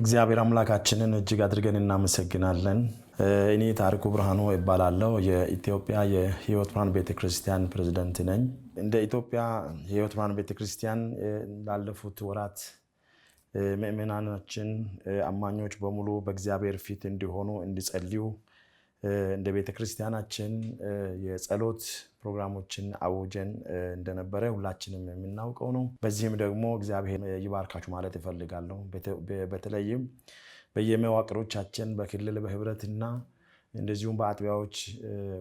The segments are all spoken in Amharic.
እግዚአብሔር አምላካችንን እጅግ አድርገን እናመሰግናለን። እኔ ታሪኩ ብርሃኑ ይባላለው የኢትዮጵያ የህይወት ብርሃን ቤተክርስቲያን ፕሬዝደንት ነኝ። እንደ ኢትዮጵያ የህይወት ብርሃን ቤተክርስቲያን ላለፉት ወራት ምእመናናችን አማኞች በሙሉ በእግዚአብሔር ፊት እንዲሆኑ እንዲጸልዩ እንደ ቤተክርስቲያናችን የጸሎት ፕሮግራሞችን አውጀን እንደነበረ ሁላችንም የምናውቀው ነው። በዚህም ደግሞ እግዚአብሔር ይባርካችሁ ማለት እፈልጋለሁ። በተለይም በየመዋቅሮቻችን በክልል በህብረትና እንደዚሁም በአጥቢያዎች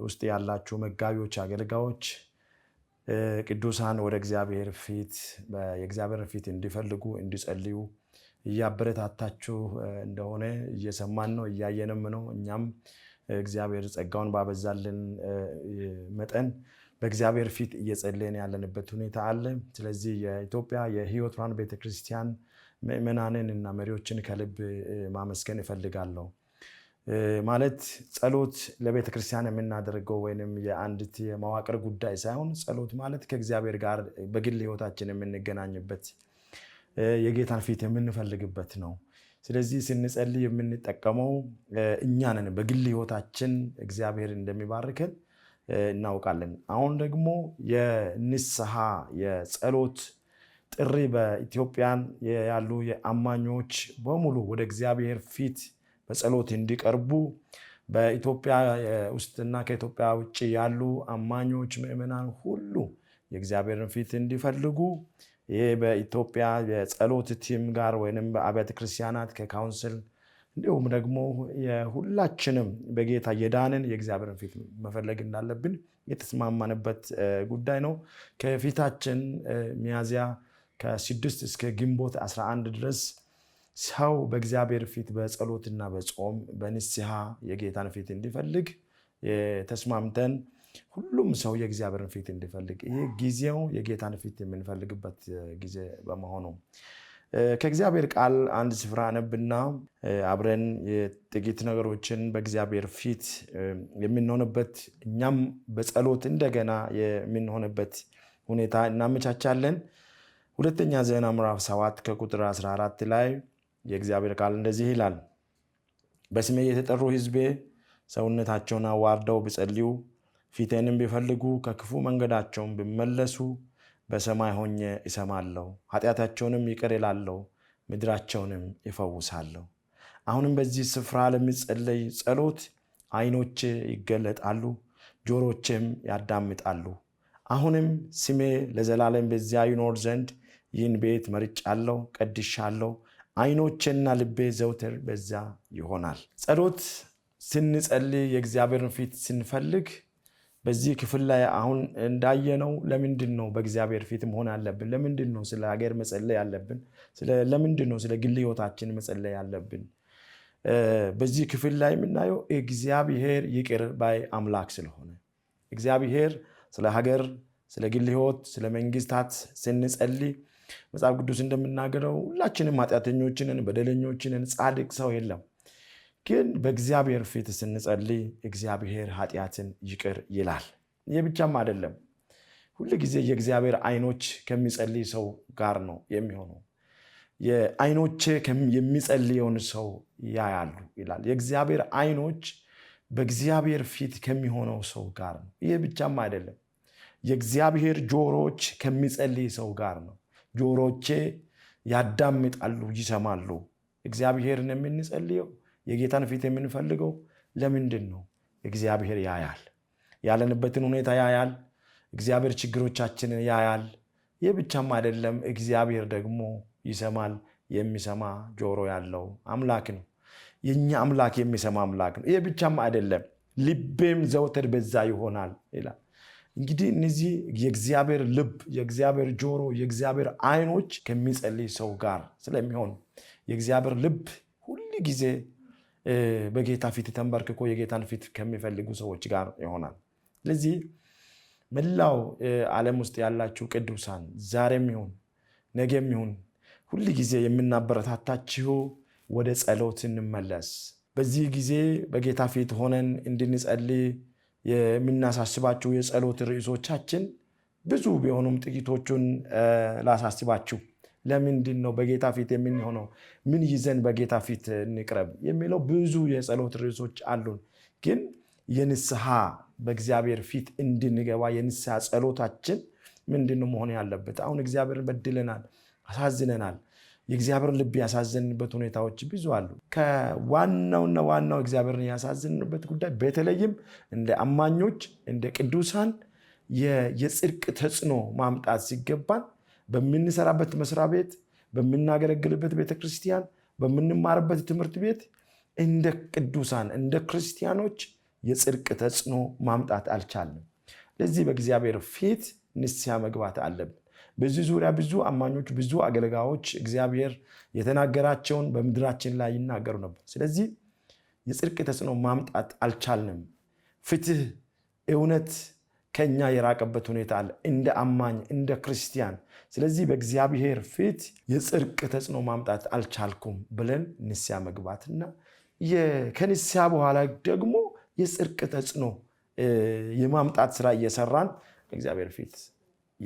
ውስጥ ያላችሁ መጋቢዎች፣ አገልጋዮች ቅዱሳን ወደ እግዚአብሔር ፊት የእግዚአብሔር ፊት እንዲፈልጉ እንዲጸልዩ እያበረታታችሁ እንደሆነ እየሰማን ነው እያየንም ነው እኛም እግዚአብሔር ጸጋውን ባበዛልን መጠን በእግዚአብሔር ፊት እየጸለየን ያለንበት ሁኔታ አለ። ስለዚህ የኢትዮጵያ የህይወት ብርሃን ቤተክርስቲያን ምእመናንን እና መሪዎችን ከልብ ማመስገን እፈልጋለሁ። ማለት ጸሎት ለቤተክርስቲያን የምናደርገው ወይም የአንዲት የመዋቅር ጉዳይ ሳይሆን ጸሎት ማለት ከእግዚአብሔር ጋር በግል ህይወታችን የምንገናኝበት የጌታን ፊት የምንፈልግበት ነው። ስለዚህ ስንጸልይ የምንጠቀመው እኛ ነን። በግል ህይወታችን እግዚአብሔር እንደሚባርከን እናውቃለን። አሁን ደግሞ የንስሐ የጸሎት ጥሪ በኢትዮጵያን ያሉ የአማኞች በሙሉ ወደ እግዚአብሔር ፊት በጸሎት እንዲቀርቡ በኢትዮጵያ ውስጥና ከኢትዮጵያ ውጭ ያሉ አማኞች ምዕመናን ሁሉ የእግዚአብሔርን ፊት እንዲፈልጉ ይህ በኢትዮጵያ የጸሎት ቲም ጋር ወይም በአብያተ ክርስቲያናት ከካውንስል እንዲሁም ደግሞ የሁላችንም በጌታ የዳንን የእግዚአብሔርን ፊት መፈለግ እንዳለብን የተስማማንበት ጉዳይ ነው። ከፊታችን ሚያዚያ ከስድስት እስከ ግንቦት 11 ድረስ ሰው በእግዚአብሔር ፊት በጸሎትና በጾም በንስሐ የጌታን ፊት እንዲፈልግ ተስማምተን ሁሉም ሰው የእግዚአብሔርን ፊት እንዲፈልግ ይህ ጊዜው የጌታን ፊት የምንፈልግበት ጊዜ በመሆኑ ከእግዚአብሔር ቃል አንድ ስፍራ አነብና አብረን የጥቂት ነገሮችን በእግዚአብሔር ፊት የምንሆንበት እኛም በጸሎት እንደገና የምንሆንበት ሁኔታ እናመቻቻለን። ሁለተኛ ዜና ምዕራፍ 7 ከቁጥር 14 ላይ የእግዚአብሔር ቃል እንደዚህ ይላል፣ በስሜ የተጠሩ ሕዝቤ ሰውነታቸውን አዋርደው ቢጸልዩ ፊቴንም ቢፈልጉ ከክፉ መንገዳቸውም ቢመለሱ በሰማይ ሆኜ እሰማለሁ፣ ኃጢአታቸውንም ይቅር እላለሁ፣ ምድራቸውንም ይፈውሳለሁ። አሁንም በዚህ ስፍራ ለሚጸለይ ጸሎት ዓይኖቼ ይገለጣሉ፣ ጆሮቼም ያዳምጣሉ። አሁንም ስሜ ለዘላለም በዚያ ይኖር ዘንድ ይህን ቤት መርጫለሁ፣ ቀድሻለሁ። ዓይኖቼና ልቤ ዘውትር በዚያ ይሆናል። ጸሎት ስንጸልይ የእግዚአብሔርን ፊት ስንፈልግ በዚህ ክፍል ላይ አሁን እንዳየነው ለምንድን ነው በእግዚአብሔር ፊት መሆን አለብን? ለምንድን ነው ስለ ሀገር መጸለይ ያለብን? ለምንድን ነው ስለ ግል ህይወታችን መጸለይ ያለብን? በዚህ ክፍል ላይ የምናየው እግዚአብሔር ይቅር ባይ አምላክ ስለሆነ እግዚአብሔር ስለ ሀገር፣ ስለ ግል ህይወት፣ ስለ መንግስታት ስንጸልይ መጽሐፍ ቅዱስ እንደምናገረው ሁላችንም ኃጢአተኞችንን፣ በደለኞችንን ጻድቅ ሰው የለም ግን በእግዚአብሔር ፊት ስንጸልይ እግዚአብሔር ኃጢአትን ይቅር ይላል። ይህ ብቻም አይደለም፣ ሁል ጊዜ የእግዚአብሔር አይኖች ከሚጸልይ ሰው ጋር ነው የሚሆነው። የአይኖቼ የሚጸልየውን ሰው ያያሉ ይላል። የእግዚአብሔር አይኖች በእግዚአብሔር ፊት ከሚሆነው ሰው ጋር ነው። ይህ ብቻም አይደለም፣ የእግዚአብሔር ጆሮዎች ከሚጸልይ ሰው ጋር ነው። ጆሮቼ ያዳምጣሉ፣ ይሰማሉ። እግዚአብሔርን የምንጸልየው የጌታን ፊት የምንፈልገው ለምንድን ነው? እግዚአብሔር ያያል፣ ያለንበትን ሁኔታ ያያል። እግዚአብሔር ችግሮቻችንን ያያል። ይህ ብቻም አይደለም፣ እግዚአብሔር ደግሞ ይሰማል። የሚሰማ ጆሮ ያለው አምላክ ነው። የእኛ አምላክ የሚሰማ አምላክ ነው። ይህ ብቻም አይደለም፣ ልቤም ዘወትር በዛ ይሆናል ይላል። እንግዲህ እነዚህ የእግዚአብሔር ልብ፣ የእግዚአብሔር ጆሮ፣ የእግዚአብሔር አይኖች ከሚጸልይ ሰው ጋር ስለሚሆኑ የእግዚአብሔር ልብ ሁል ጊዜ በጌታ ፊት ተንበርክኮ የጌታን ፊት ከሚፈልጉ ሰዎች ጋር ይሆናል። ስለዚህ መላው ዓለም ውስጥ ያላችሁ ቅዱሳን ዛሬም ይሁን ነገም ይሁን ሁል ጊዜ የምናበረታታችሁ ወደ ጸሎት እንመለስ። በዚህ ጊዜ በጌታ ፊት ሆነን እንድንጸልይ የምናሳስባችሁ የጸሎት ርዕሶቻችን ብዙ ቢሆኑም ጥቂቶቹን ላሳስባችሁ። ለምንድን ነው በጌታ ፊት የምንሆነው? ምን ይዘን በጌታ ፊት እንቅረብ የሚለው ብዙ የጸሎት ርዕሶች አሉን። ግን የንስሐ በእግዚአብሔር ፊት እንድንገባ የንስሐ ጸሎታችን ምንድን ነው መሆን ያለበት? አሁን እግዚአብሔርን በድለናል፣ አሳዝነናል። የእግዚአብሔርን ልብ ያሳዘንበት ሁኔታዎች ብዙ አሉ። ከዋናውና ዋናው እግዚአብሔርን ያሳዘንበት ጉዳይ በተለይም እንደ አማኞች እንደ ቅዱሳን የጽድቅ ተጽዕኖ ማምጣት ሲገባን በምንሰራበት መስሪያ ቤት፣ በምናገለግልበት ቤተክርስቲያን፣ በምንማርበት ትምህርት ቤት እንደ ቅዱሳን እንደ ክርስቲያኖች የጽድቅ ተጽዕኖ ማምጣት አልቻለም። ለዚህ በእግዚአብሔር ፊት ንስያ መግባት አለብን። በዚህ ዙሪያ ብዙ አማኞች፣ ብዙ አገልጋዮች እግዚአብሔር የተናገራቸውን በምድራችን ላይ ይናገሩ ነበር። ስለዚህ የጽድቅ ተጽዕኖ ማምጣት አልቻልንም። ፍትህ፣ እውነት ከኛ የራቀበት ሁኔታ አለ፣ እንደ አማኝ እንደ ክርስቲያን። ስለዚህ በእግዚአብሔር ፊት የጽድቅ ተጽዕኖ ማምጣት አልቻልኩም ብለን ንስያ መግባትና ከንስያ በኋላ ደግሞ የጽድቅ ተጽዕኖ የማምጣት ስራ እየሰራን እግዚአብሔር ፊት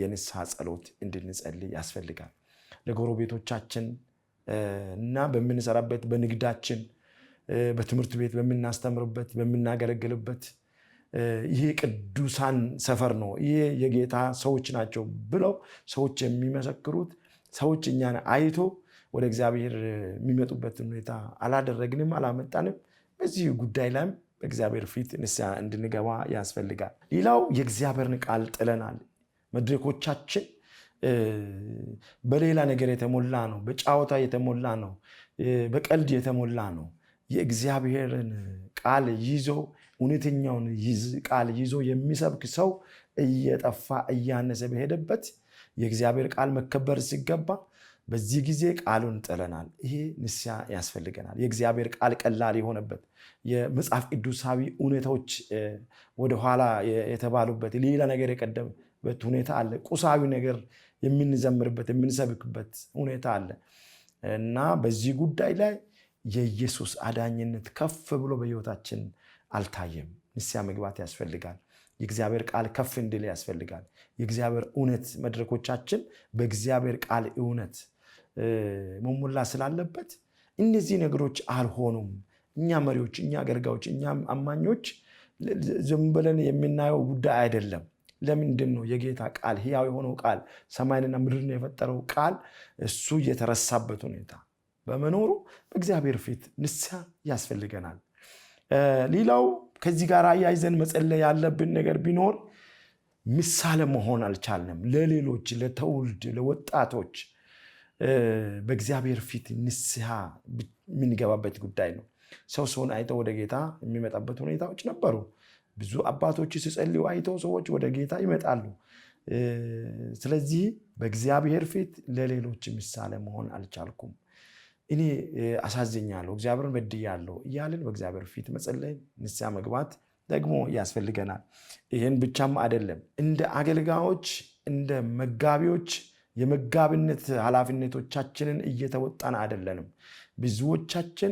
የንስሐ ጸሎት እንድንጸልይ ያስፈልጋል። ለጎረቤቶቻችን እና በምንሰራበት፣ በንግዳችን፣ በትምህርት ቤት፣ በምናስተምርበት፣ በምናገለግልበት ይህ ቅዱሳን ሰፈር ነው፣ ይሄ የጌታ ሰዎች ናቸው ብለው ሰዎች የሚመሰክሩት ሰዎች እኛን አይቶ ወደ እግዚአብሔር የሚመጡበትን ሁኔታ አላደረግንም፣ አላመጣንም። በዚህ ጉዳይ ላይም በእግዚአብሔር ፊት ንስሐ እንድንገባ ያስፈልጋል። ሌላው የእግዚአብሔርን ቃል ጥለናል። መድረኮቻችን በሌላ ነገር የተሞላ ነው፣ በጫወታ የተሞላ ነው፣ በቀልድ የተሞላ ነው። የእግዚአብሔርን ቃል ይዞ እውነተኛውን ቃል ይዞ የሚሰብክ ሰው እየጠፋ እያነሰ በሄደበት የእግዚአብሔር ቃል መከበር ሲገባ በዚህ ጊዜ ቃሉን ጥለናል። ይሄ ንስሐ ያስፈልገናል። የእግዚአብሔር ቃል ቀላል የሆነበት የመጽሐፍ ቅዱሳዊ እውነታዎች ወደኋላ የተባሉበት ሌላ ነገር የቀደመበት ሁኔታ አለ። ቁሳዊ ነገር የምንዘምርበት የምንሰብክበት ሁኔታ አለ እና በዚህ ጉዳይ ላይ የኢየሱስ አዳኝነት ከፍ ብሎ በሕይወታችን አልታየም። ንስያ መግባት ያስፈልጋል። የእግዚአብሔር ቃል ከፍ እንድል ያስፈልጋል። የእግዚአብሔር እውነት መድረኮቻችን በእግዚአብሔር ቃል እውነት መሞላ ስላለበት እነዚህ ነገሮች አልሆኑም። እኛ መሪዎች፣ እኛ አገልጋዮች፣ እኛ አማኞች ዝም ብለን የምናየው ጉዳይ አይደለም። ለምንድን ነው የጌታ ቃል ህያው የሆነው ቃል ሰማይንና ምድርን የፈጠረው ቃል እሱ የተረሳበት ሁኔታ በመኖሩ በእግዚአብሔር ፊት ንስሐ ያስፈልገናል። ሌላው ከዚህ ጋር አያይዘን መጸለይ ያለብን ነገር ቢኖር ምሳሌ መሆን አልቻለም። ለሌሎች ለትውልድ ለወጣቶች በእግዚአብሔር ፊት ንስሐ የምንገባበት ጉዳይ ነው። ሰው ሰውን አይቶ ወደ ጌታ የሚመጣበት ሁኔታዎች ነበሩ። ብዙ አባቶች ሲጸልዩ አይተው ሰዎች ወደ ጌታ ይመጣሉ። ስለዚህ በእግዚአብሔር ፊት ለሌሎች ምሳሌ መሆን አልቻልኩም። እኔ አሳዝኛለሁ፣ እግዚአብሔር በድያለሁ እያልን በእግዚአብሔር ፊት መጸለይ፣ ንስሐ መግባት ደግሞ ያስፈልገናል። ይህን ብቻም አይደለም፣ እንደ አገልጋዮች እንደ መጋቢዎች የመጋቢነት ኃላፊነቶቻችንን እየተወጣን አይደለንም። ብዙዎቻችን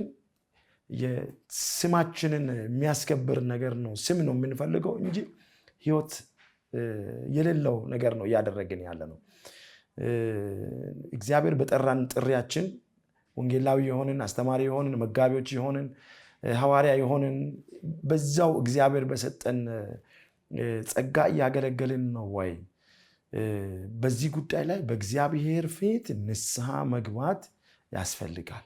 የስማችንን የሚያስከብር ነገር ነው ስም ነው የምንፈልገው እንጂ ህይወት የሌለው ነገር ነው እያደረግን ያለ ነው። እግዚአብሔር በጠራን ጥሪያችን ወንጌላዊ የሆንን አስተማሪ የሆንን መጋቢዎች የሆንን ሐዋርያ የሆንን በዛው እግዚአብሔር በሰጠን ጸጋ እያገለገልን ነው ወይ? በዚህ ጉዳይ ላይ በእግዚአብሔር ፊት ንስሐ መግባት ያስፈልጋል።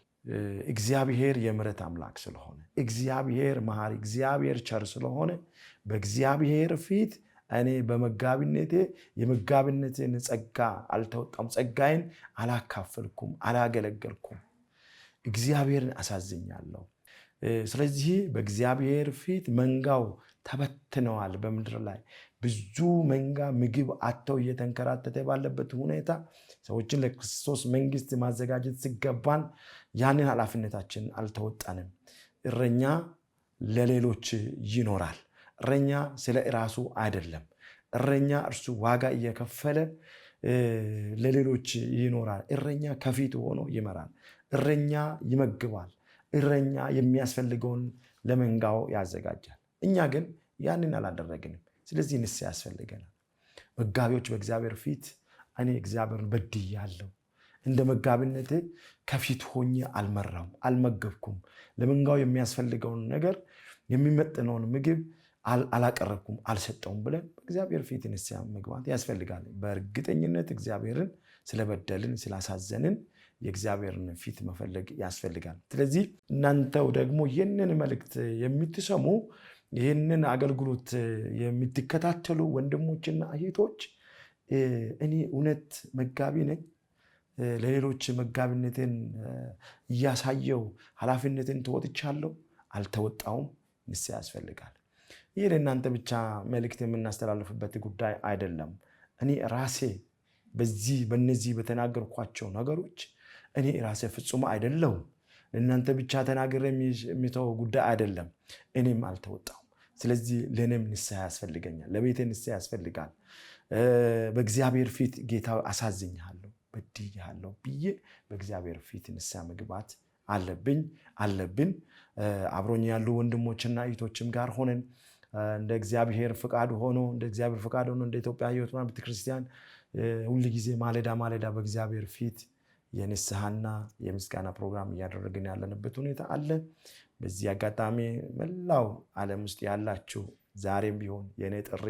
እግዚአብሔር የምሕረት አምላክ ስለሆነ እግዚአብሔር መሐሪ፣ እግዚአብሔር ቸር ስለሆነ በእግዚአብሔር ፊት እኔ በመጋቢነቴ የመጋቢነትን ጸጋ አልተወጣም፣ ጸጋዬን አላካፈልኩም፣ አላገለገልኩም እግዚአብሔርን አሳዝኛለሁ። ስለዚህ በእግዚአብሔር ፊት መንጋው ተበትነዋል። በምድር ላይ ብዙ መንጋ ምግብ አጥተው እየተንከራተተ ባለበት ሁኔታ ሰዎችን ለክርስቶስ መንግስት ማዘጋጀት ሲገባን ያንን ኃላፊነታችን አልተወጣንም። እረኛ ለሌሎች ይኖራል። እረኛ ስለ ራሱ አይደለም። እረኛ እርሱ ዋጋ እየከፈለ ለሌሎች ይኖራል። እረኛ ከፊት ሆኖ ይመራል። እረኛ ይመግባል። እረኛ የሚያስፈልገውን ለመንጋው ያዘጋጃል። እኛ ግን ያንን አላደረግንም። ስለዚህ ንስ ያስፈልገናል። መጋቢዎች በእግዚአብሔር ፊት እኔ እግዚአብሔርን በድያለሁ፣ እንደ መጋቢነት ከፊት ሆኜ አልመራም፣ አልመገብኩም፣ ለመንጋው የሚያስፈልገውን ነገር የሚመጥነውን ምግብ አላቀረብኩም፣ አልሰጠውም ብለን በእግዚአብሔር ፊት ንስሐ መግባት ያስፈልጋል። በእርግጠኝነት እግዚአብሔርን ስለበደልን ስላሳዘንን የእግዚአብሔርን ፊት መፈለግ ያስፈልጋል። ስለዚህ እናንተው ደግሞ ይህንን መልእክት የምትሰሙ ይህንን አገልግሎት የምትከታተሉ ወንድሞችና እህቶች እኔ እውነት መጋቢ ነኝ፣ ለሌሎች መጋቢነትን እያሳየው ኃላፊነትን ተወጥቻለሁ፣ አልተወጣውም፣ ንስሐ ያስፈልጋል። ይህ ለእናንተ ብቻ መልእክት የምናስተላልፍበት ጉዳይ አይደለም። እኔ ራሴ በዚህ በነዚህ በተናገርኳቸው ነገሮች እኔ ራሴ ፍጹም አይደለሁም። ለእናንተ ብቻ ተናግሬ የሚተው ጉዳይ አይደለም። እኔም አልተወጣሁም። ስለዚህ ለእኔም ንስሐ ያስፈልገኛል። ለቤቴ ንስሐ ያስፈልጋል። በእግዚአብሔር ፊት ጌታ አሳዝኛለሁ፣ በድያለሁ ብዬ በእግዚአብሔር ፊት ንስሐ መግባት አለብኝ አለብን። አብሮኝ ያሉ ወንድሞችና እህቶችም ጋር ሆነን እንደ እግዚአብሔር ፍቃድ ሆኖ እንደ እግዚአብሔር ፍቃድ ሆኖ እንደ ኢትዮጵያ ሕይወት ቤተክርስቲያን ሁል ጊዜ ማለዳ ማለዳ በእግዚአብሔር ፊት የንስሐና የምስጋና ፕሮግራም እያደረግን ያለንበት ሁኔታ አለ። በዚህ አጋጣሚ መላው ዓለም ውስጥ ያላችሁ ዛሬም ቢሆን የእኔ ጥሪ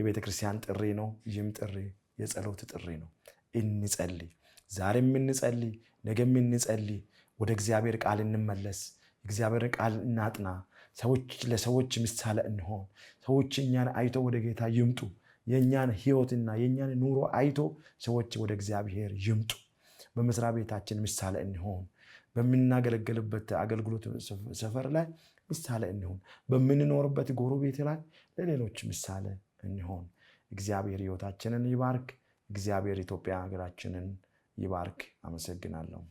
የቤተክርስቲያን ጥሪ ነው። ይህም ጥሪ የጸሎት ጥሪ ነው። እንጸልይ። ዛሬ የምንጸልይ ነገ የምንጸልይ ወደ እግዚአብሔር ቃል እንመለስ። እግዚአብሔርን ቃል እናጥና። ሰዎች ለሰዎች ምሳሌ እንሆን። ሰዎች እኛን አይቶ ወደ ጌታ ይምጡ። የእኛን ህይወትና የእኛን ኑሮ አይቶ ሰዎች ወደ እግዚአብሔር ይምጡ። በመስሪያ ቤታችን ምሳሌ እንሆን። በምናገለገልበት አገልግሎት ሰፈር ላይ ምሳሌ እንሆን። በምንኖርበት ጎረቤት ላይ ለሌሎች ምሳሌ እንሆን። እግዚአብሔር ህይወታችንን ይባርክ። እግዚአብሔር ኢትዮጵያ ሀገራችንን ይባርክ። አመሰግናለሁ።